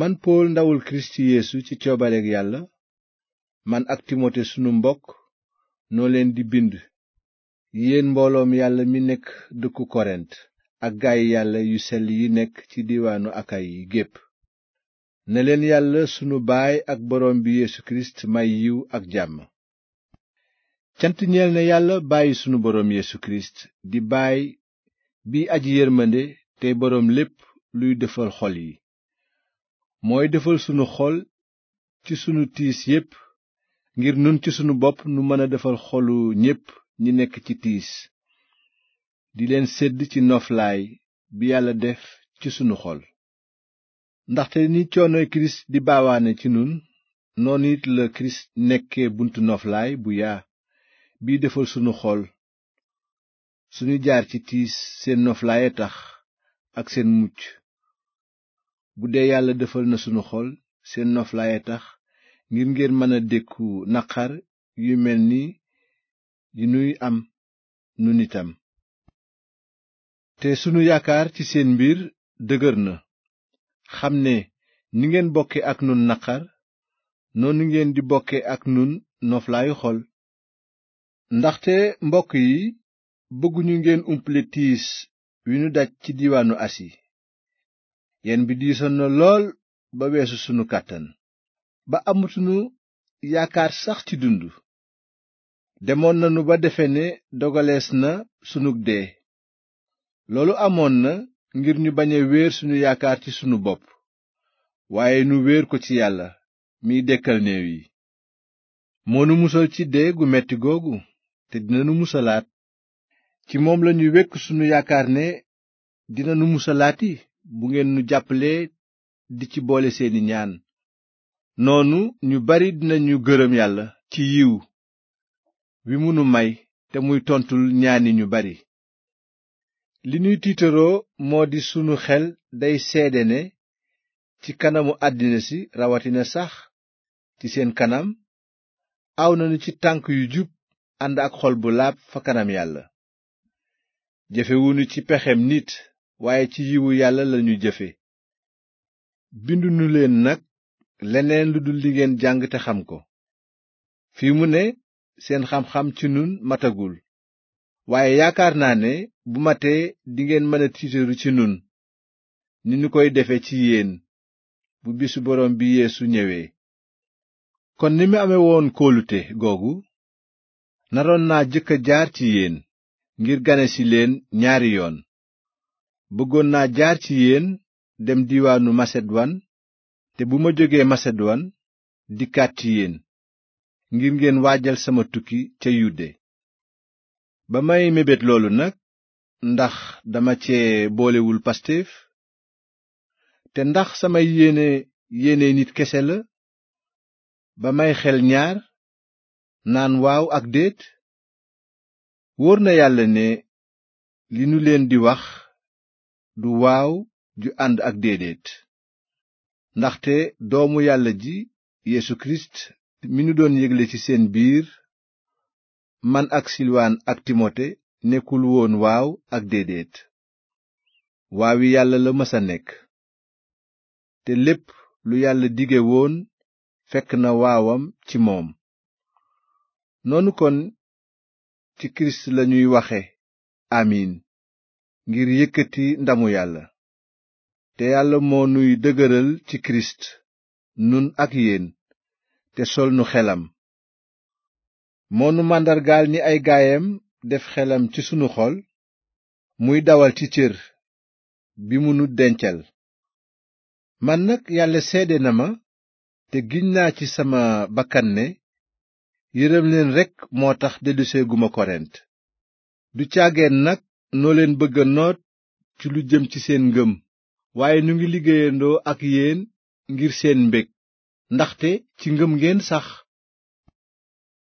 man pool ndawul kiristu yéesu ci coobareg yàlla man ak timote sunu mbokk noo leen di bind yéen mbooloom yàlla mi nekk dëkku korent ak gaayi yàlla yu sell yi nekk ci diwaanu akayi yi gépp ne leen yàlla sunu baay ak boroom bi yéesu kirist may yiw ak jàmm cant ñeel na yàlla bàyyi sunu boroom yéesu kirist di baay bi aji yërmande te boroom lépp luy defal xol yi mooy defal sunu xol ci sunu tiis yépp ngir nun ci sunu bopp nu mën a defal xolu ñépp ñi nekk ci tiis di leen sedd ci noflaay bi yàlla def ci sunu xol ndaxte ni coonoy kirist di baawaane ci nun noonu it la kirist nekkee buntu noflaay bu yaa bi defal sunu xol sunu jaar ci tiis seen noflaay a tax ak seen mucc bu dee yàlla defal na sunu xol seen noflaay a tax ngir ngeen mën a dékku naqar yu mel ni yu nuy am nun itam te sunu yaakaar ci seen mbir dëgër na xam ne ni ngeen bokke ak nun naqar noonu ngeen di bokkee ak nun noflaayu xol ndaxte mbokk yi bëgguñu ngeen umple tiis wi nu daj ci diwaanu asi yenn bi diisoon na lool ba weesu sunu kàttan ba amatunu yaakaar sax ci dund demoon nanu ba defe ne dogalees na sunug dee loolu amoon na ngir ñu bañ a wéer sunu yaakaar ci sunu bopp waaye nu wéer ko ci yàlla miy dekkal néew yi moo nu musal ci dee gu metti googu te dina musalaat ci moom lañu wékk sunu yaakaar ne dina nu musalaati bu ngeen nu jàppalee di ci boole seeni ñaan noonu ñu bari dinañu gërëm yàlla ci yiw wi mënu may te muy tontul ñaani ñu bari li ñuy tiitaroo moo di sunu xel day seede ne ci kanamu àddina si rawatina sax ci seen kanam aw nañu ci tànk yu jub ànd ak xol bu laab fa kanam yàlla jëfewuñu ci pexem nit waaye ci yiwu yàlla lañu jëfe bindunu leen nag leneen lu dul li ngeen jàng te xam ko fii mu ne seen xam-xam ci nun matagul waaye yaakaar naa ne bu matee dingeen mën a tiitaru ci nun ni ñu koy defe ci yéen bu bisu borom bi yeesu ñëwee kon ni mu amee woon kóolute googu naroon naa jëkk a jaar ci yéen ngir gane si leen ñaari yoon bëggoon naa jaar ci yéen dem diiwaanu Maseduwaan te bu ma jógee Maseduwaan dikkaat ci yéen ngir ngeen waajal sama tukki ca Yude ba may mébét loolu nag ndax dama cee boolewul Pastef te ndax sama yéene yéene nit kese la ba may xel ñaar naan waaw ak déet wóor na yàlla ne li nu leen di wax du waaw ju ànd ak déedéet ndaxte doomu yàlla ji yeesu kirist mi nu doon yégle ci seen biir man ak silwaan ak timote nekkul woon waaw ak déedéet waawi yàlla la masa nekk te lépp lu yàlla dige woon fekk na waawam ci moom noonu kon ci kirist lañuy waxe amiin ngir yëkkati ndamu yàlla te yàlla moo nuy dëgëral ci kirist nun ak yéen te sol nu xelam moo nu màndargaal ni ay gaayam def xelam ci sunu xol muy dawal ci cër bi mu nu dencal man nag yàlla seede na ma te giñ naa ci sama bakkan ne yërëm leen rekk moo tax delluseeguma korent du caageen nag noo leen bëgg a noot ci lu jëm ci seen ngëm waaye nu ngi liggéeyandoo ak yéen ngir seen mbég ndaxte ci ngëm ngeen sax